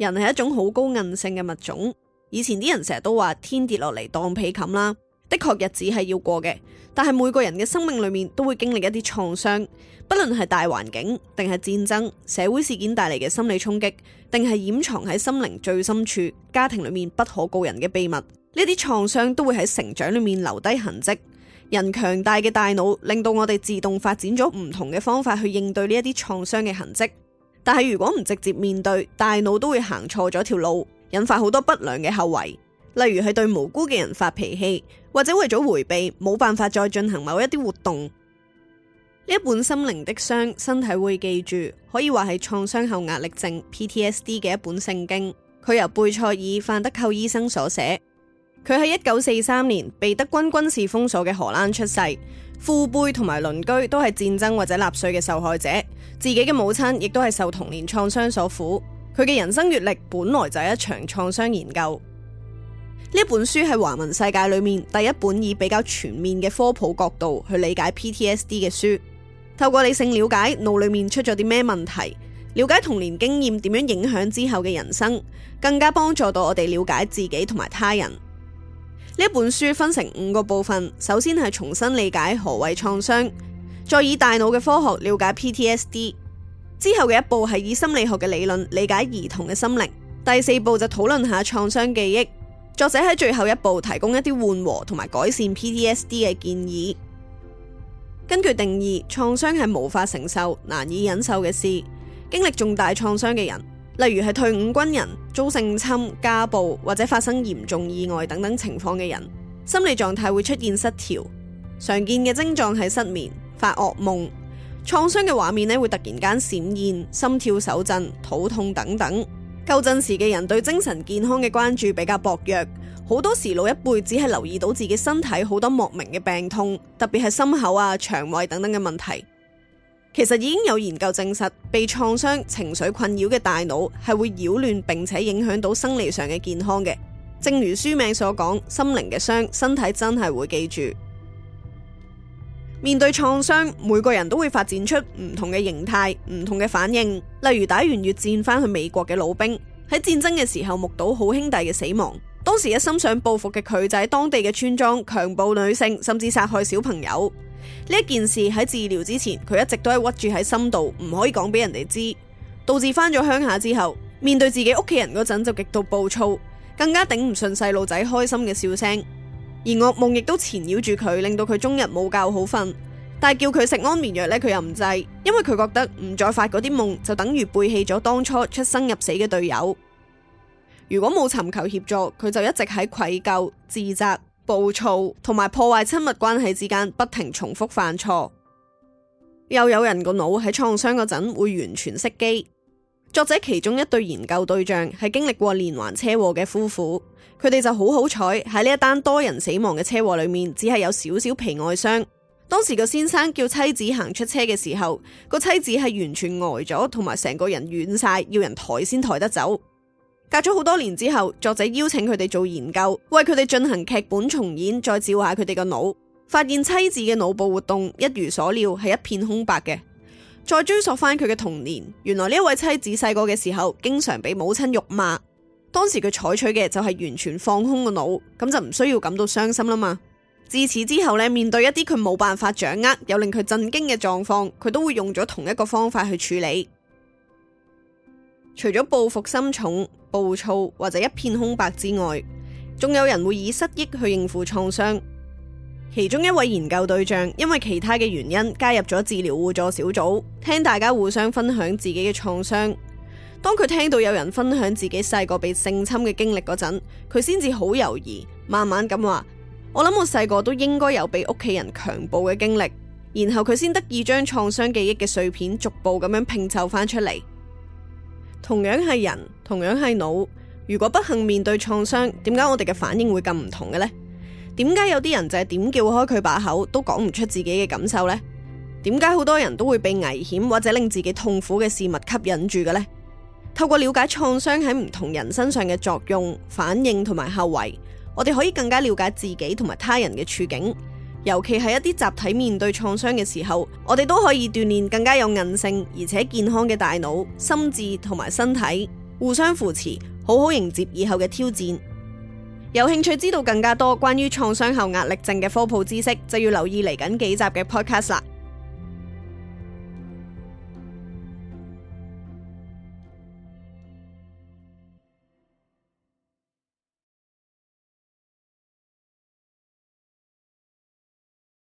人係一種好高韌性嘅物種，以前啲人成日都話天跌落嚟當被冚啦。的確日子係要過嘅，但係每個人嘅生命裏面都會經歷一啲創傷，不論係大環境，定係戰爭、社會事件帶嚟嘅心理衝擊，定係掩藏喺心靈最深處、家庭裏面不可告人嘅秘密。呢啲創傷都會喺成長裏面留低痕跡。人強大嘅大腦令到我哋自動發展咗唔同嘅方法去應對呢一啲創傷嘅痕跡。但係如果唔直接面對，大腦都會行錯咗條路，引發好多不良嘅後遺，例如係對無辜嘅人發脾氣，或者為咗回避，冇辦法再進行某一啲活動。呢一本心靈的傷，身體會記住，可以話係創傷後壓力症 （PTSD） 嘅一本聖經。佢由貝塞爾范德寇醫生所寫。佢喺一九四三年被德軍軍事封鎖嘅荷蘭出世，父輩同埋鄰居都係戰爭或者納粹嘅受害者。自己嘅母親亦都係受童年創傷所苦。佢嘅人生閱歷本來就係一場創傷研究。呢本書係華文世界裏面第一本以比較全面嘅科普角度去理解 PTSD 嘅書。透過理性了解腦裏面出咗啲咩問題，了解童年經驗點樣影響之後嘅人生，更加幫助到我哋了解自己同埋他人。呢一本書分成五個部分，首先係重新理解何謂創傷，再以大腦嘅科學了解 PTSD，之後嘅一步係以心理學嘅理論理解兒童嘅心靈，第四步就討論下創傷記憶，作者喺最後一步提供一啲緩和同埋改善 PTSD 嘅建議。根據定義，創傷係無法承受、難以忍受嘅事，經歷重大創傷嘅人。例如係退伍軍人遭性侵、家暴或者發生嚴重意外等等情況嘅人，心理狀態會出現失調，常見嘅症狀係失眠、發噩夢、創傷嘅畫面呢會突然間閃現、心跳手震、肚痛等等。舊陣時嘅人對精神健康嘅關注比較薄弱，好多時老一輩只係留意到自己身體好多莫名嘅病痛，特別係心口啊、腸胃等等嘅問題。其實已經有研究證實，被創傷情緒困擾嘅大腦係會擾亂，並且影響到生理上嘅健康嘅。正如書名所講，心靈嘅傷，身體真係會記住。面對創傷，每個人都會發展出唔同嘅形態、唔同嘅反應。例如，打完越戰翻去美國嘅老兵，喺戰爭嘅時候目睹好兄弟嘅死亡，當時一心想報復嘅佢，就喺當地嘅村莊強暴女性，甚至殺害小朋友。呢一件事喺治療之前，佢一直都係屈住喺心度，唔可以講俾人哋知，導致翻咗鄉下之後，面對自己屋企人嗰陣就極度暴躁，更加頂唔順細路仔開心嘅笑聲，而噩夢亦都纏繞住佢，令到佢終日冇覺好瞓。但係叫佢食安眠藥呢，佢又唔制，因為佢覺得唔再發嗰啲夢就等於背棄咗當初出生入死嘅隊友。如果冇尋求協助，佢就一直喺愧疚自責。暴躁同埋破壞親密關係之間，不停重複犯錯，又有人個腦喺創傷嗰陣會完全熄機。作者其中一對研究對象係經歷過連環車禍嘅夫婦，佢哋就好好彩喺呢一單多人死亡嘅車禍裏面，只係有少少皮外傷。當時個先生叫妻子行出車嘅時候，個妻子係完全呆咗，同埋成個人軟晒，要人抬先抬得走。隔咗好多年之後，作者邀請佢哋做研究，為佢哋進行劇本重演，再照下佢哋個腦，發現妻子嘅腦部活動一如所料係一片空白嘅。再追溯翻佢嘅童年，原來呢一位妻子細個嘅時候，經常俾母親辱罵，當時佢採取嘅就係完全放空個腦，咁就唔需要感到傷心啦嘛。自此之後咧，面對一啲佢冇辦法掌握又令佢震驚嘅狀況，佢都會用咗同一個方法去處理。除咗報復心重、暴躁或者一片空白之外，仲有人會以失憶去應付創傷。其中一位研究對象因為其他嘅原因加入咗治療互助小組，聽大家互相分享自己嘅創傷。當佢聽到有人分享自己細個被性侵嘅經歷嗰陣，佢先至好猶豫，慢慢咁話：我諗我細個都應該有畀屋企人強暴嘅經歷。然後佢先得以將創傷記憶嘅碎片逐步咁樣拼湊翻出嚟。同樣係人，同樣係腦，如果不幸面對創傷，點解我哋嘅反應會咁唔同嘅呢？點解有啲人就係點叫開佢把口都講唔出自己嘅感受呢？點解好多人都會被危險或者令自己痛苦嘅事物吸引住嘅呢？透過了解創傷喺唔同人身上嘅作用、反應同埋後遺，我哋可以更加了解自己同埋他人嘅處境。尤其係一啲集體面對創傷嘅時候，我哋都可以鍛煉更加有韌性而且健康嘅大腦、心智同埋身體，互相扶持，好好迎接以後嘅挑戰。有興趣知道更加多關於創傷後壓力症嘅科普知識，就要留意嚟緊幾集嘅 Podcast 啦。